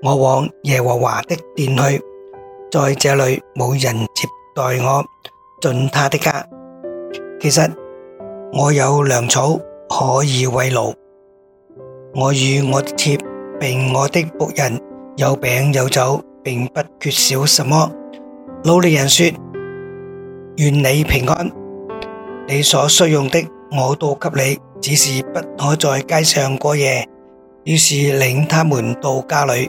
我往耶和華的殿去，在這裏冇人接待我進他的家。其實我有糧草可以餵驢，我與我的妾並我的僕人有餅有酒，並不缺少什麼。老年人說：願你平安，你所需用的我都給你，只是不可在街上過夜。於是領他們到家裏。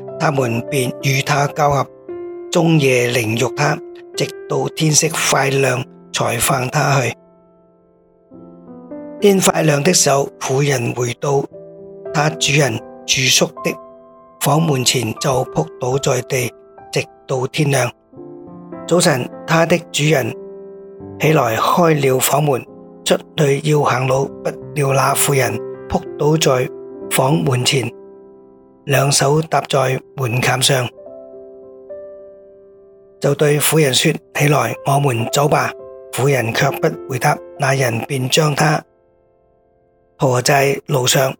他們便與他交合，中夜凌辱他，直到天色快亮才放他去。天快亮的時候，婦人回到他主人住宿的房門前就撲倒在地，直到天亮。早晨，他的主人起來開了房門，出去要行路，不料那婦人撲倒在房門前。兩手搭在門檻上，就對婦人說：起來，我們走吧。婦人卻不回答。那人便將他馱在路上，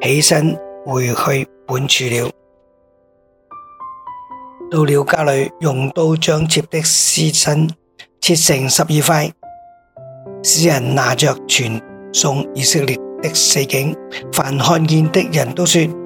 起身回去本處了。到了家裏，用刀將妾的屍身切成十二塊。使人拿着傳送以色列的四境，凡看見的人都說。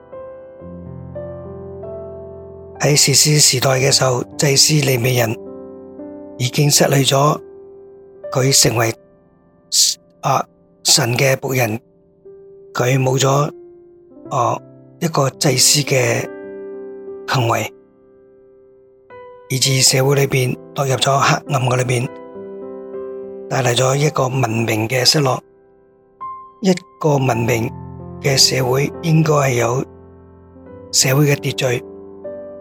喺士師時代嘅時候，祭司利未人已經失去咗佢成為啊神嘅僕人，佢冇咗哦一個祭司嘅行為，以致社會裏邊墮入咗黑暗嘅裏邊，帶嚟咗一個文明嘅失落。一個文明嘅社會應該係有社會嘅秩序。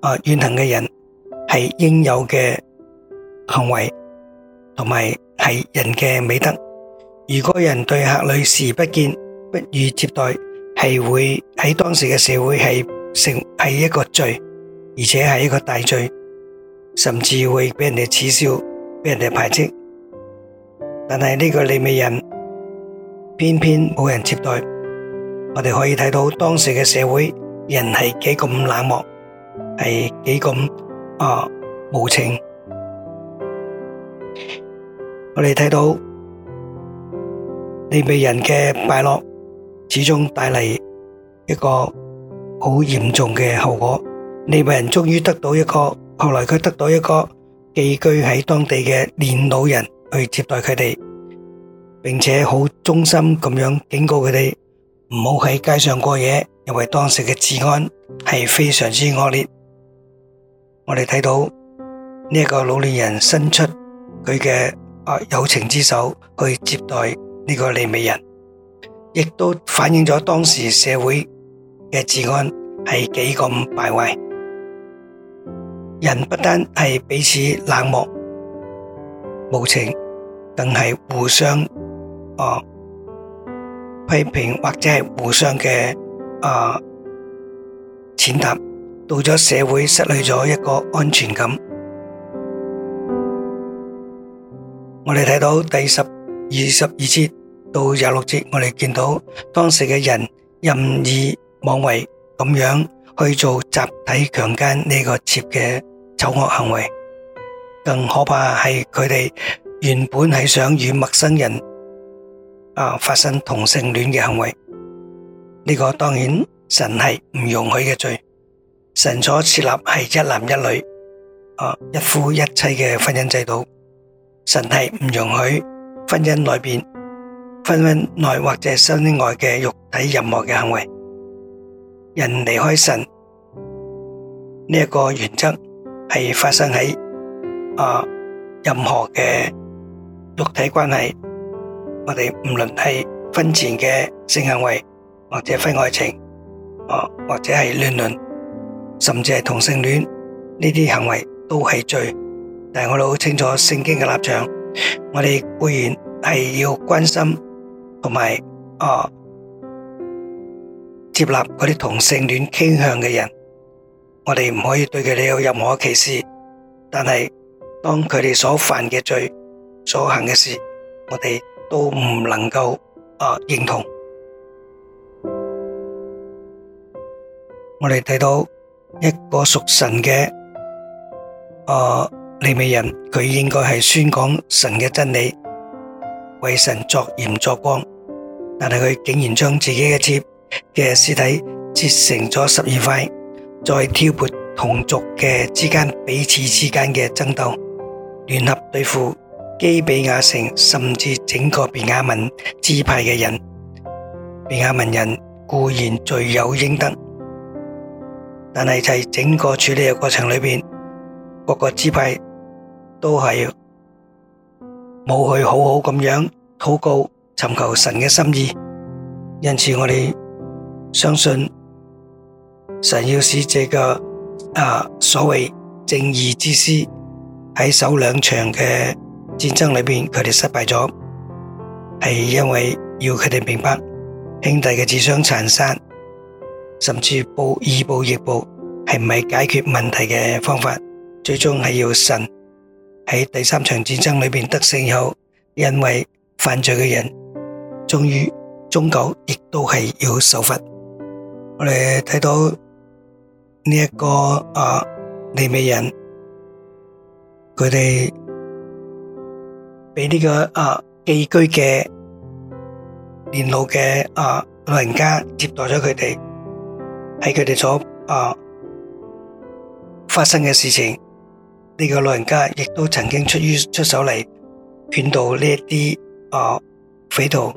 啊！怨恨嘅人係應有嘅行為，同埋係人嘅美德。如果人對客女視而不見，不予接待，係會喺當時嘅社會係成係一個罪，而且係一個大罪，甚至會俾人哋恥笑，俾人哋排斥。但係呢個李美人偏偏冇人接待，我哋可以睇到當時嘅社會人係幾咁冷漠。係幾咁啊無情！我哋睇到利未人嘅敗落，始終帶嚟一個好嚴重嘅後果。利未人終於得到一個，後來佢得到一個寄居喺當地嘅年老人去接待佢哋，並且好忠心咁樣警告佢哋唔好喺街上過夜，因為當時嘅治安係非常之惡劣。我哋睇到呢一、這個老年人伸出佢嘅友情之手去接待呢個利未人，亦都反映咗當時社會嘅治安係幾咁敗壞。人不單係彼此冷漠無情，更係互相啊、呃、批評，或者係互相嘅啊、呃、踐踏。到咗社會，失去咗一個安全感。我哋睇到第十二十二節到廿六節，我哋見到當時嘅人任意妄為咁樣去做集體強姦呢個涉嘅醜惡行為。更可怕係佢哋原本係想與陌生人啊發生同性戀嘅行為。呢個當然神係唔容許嘅罪。神所設立係一男一女，啊一夫一妻嘅婚姻制度。神係唔容許婚姻內邊、婚姻內或者婚姻外嘅肉體任何嘅行為。人離開神呢一個原則，係發生喺啊任何嘅肉體關係。我哋唔論係婚前嘅性行為，或者婚外情，哦或者係亂倫。甚至係同性戀呢啲行為都係罪，但係我哋好清楚聖經嘅立場。我哋固然係要關心同埋啊接納嗰啲同性戀傾向嘅人，我哋唔可以對佢哋有任何歧視。但係當佢哋所犯嘅罪，所行嘅事，我哋都唔能夠啊認同。我哋睇到。一個屬神嘅誒利未人，佢應該係宣講神嘅真理，為神作鹽作光。但係佢竟然將自己嘅妾嘅屍體切成咗十二塊，再挑撥同族嘅之間彼此之間嘅爭鬥，聯合對付基比亞城，甚至整個便雅憫支派嘅人。便雅憫人固然罪有應得。但係就係整個處理嘅過程裏面，各個支派都係冇去好好咁樣禱告尋求神嘅心意，因此我哋相信神要使這個啊所謂正義之師喺首兩場嘅戰爭裏面，佢哋失敗咗，係因為要佢哋明白兄弟嘅自相殘殺。甚至報，以暴易暴，係唔係解決問題嘅方法？最終係要神喺第三場戰爭裏面得勝後，因為犯罪嘅人，終於終究亦都係要受罰。我哋睇到呢一個啊利未人，佢哋俾呢個啊寄居嘅年老嘅啊老人家接待咗佢哋。喺佢哋所、呃、發生嘅事情，呢、呢個老人家亦都曾經出出手嚟勸導呢一啲匪徒，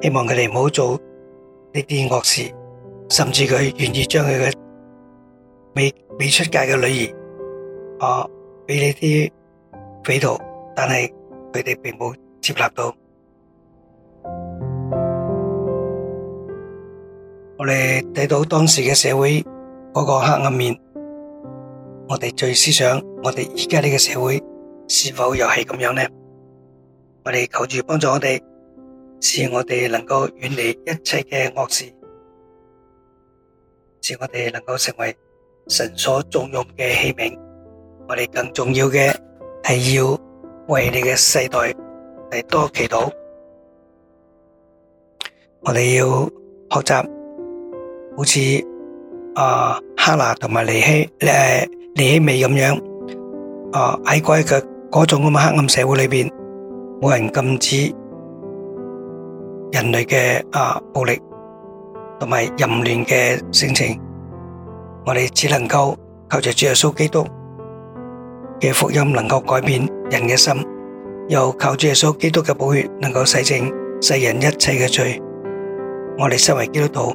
希望佢哋唔好做呢啲惡事，甚至佢願意將佢嘅未未出嫁嘅女兒啊俾呢啲匪徒，但係佢哋並冇接納到。我哋睇到當時嘅社會嗰個黑暗面，我哋最思想，我哋而家呢個社會是否又係咁樣呢？我哋求主幫助我哋，使我哋能夠遠離一切嘅惡事，使我哋能夠成為神所重用嘅器皿。我哋更重要嘅係要為你嘅世代嚟多祈禱，我哋要學習。好似啊哈拿同埋尼希誒尼希米咁樣啊，喺嗰個嗰種咁嘅黑暗社會裏邊，冇人禁止人類嘅啊暴力同埋淫亂嘅性情。我哋只能夠靠住主耶穌基督嘅福音，能夠改變人嘅心；又靠主耶穌基督嘅寶血，能夠洗淨世人一切嘅罪。我哋身為基督徒。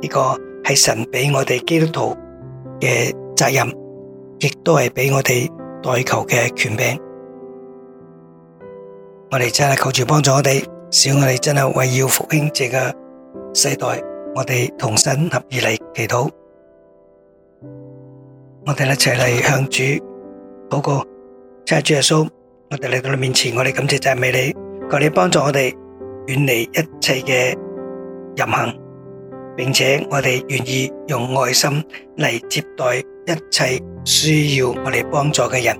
呢個係神俾我哋基督徒嘅責任，亦都係俾我哋代求嘅權柄。我哋真係求主幫助我哋，使我哋真係為要復興這個世代，我哋同心合意嚟祈禱。我哋一齊嚟向主禱告，親愛嘅主耶穌，我哋嚟到你面前，我哋感謝讚美你，求你幫助我哋遠離一切嘅淫行。並且我哋願意用愛心嚟接待一切需要我哋幫助嘅人，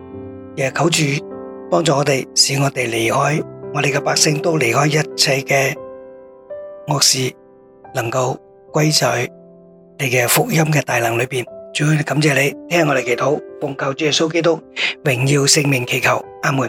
亦係求主幫助我哋，使我哋離開我哋嘅百姓都離開一切嘅惡事，能夠歸在你嘅福音嘅大能裏邊。主要感謝你聽我哋祈禱，奉求主耶穌基督榮耀聖名，祈求阿門。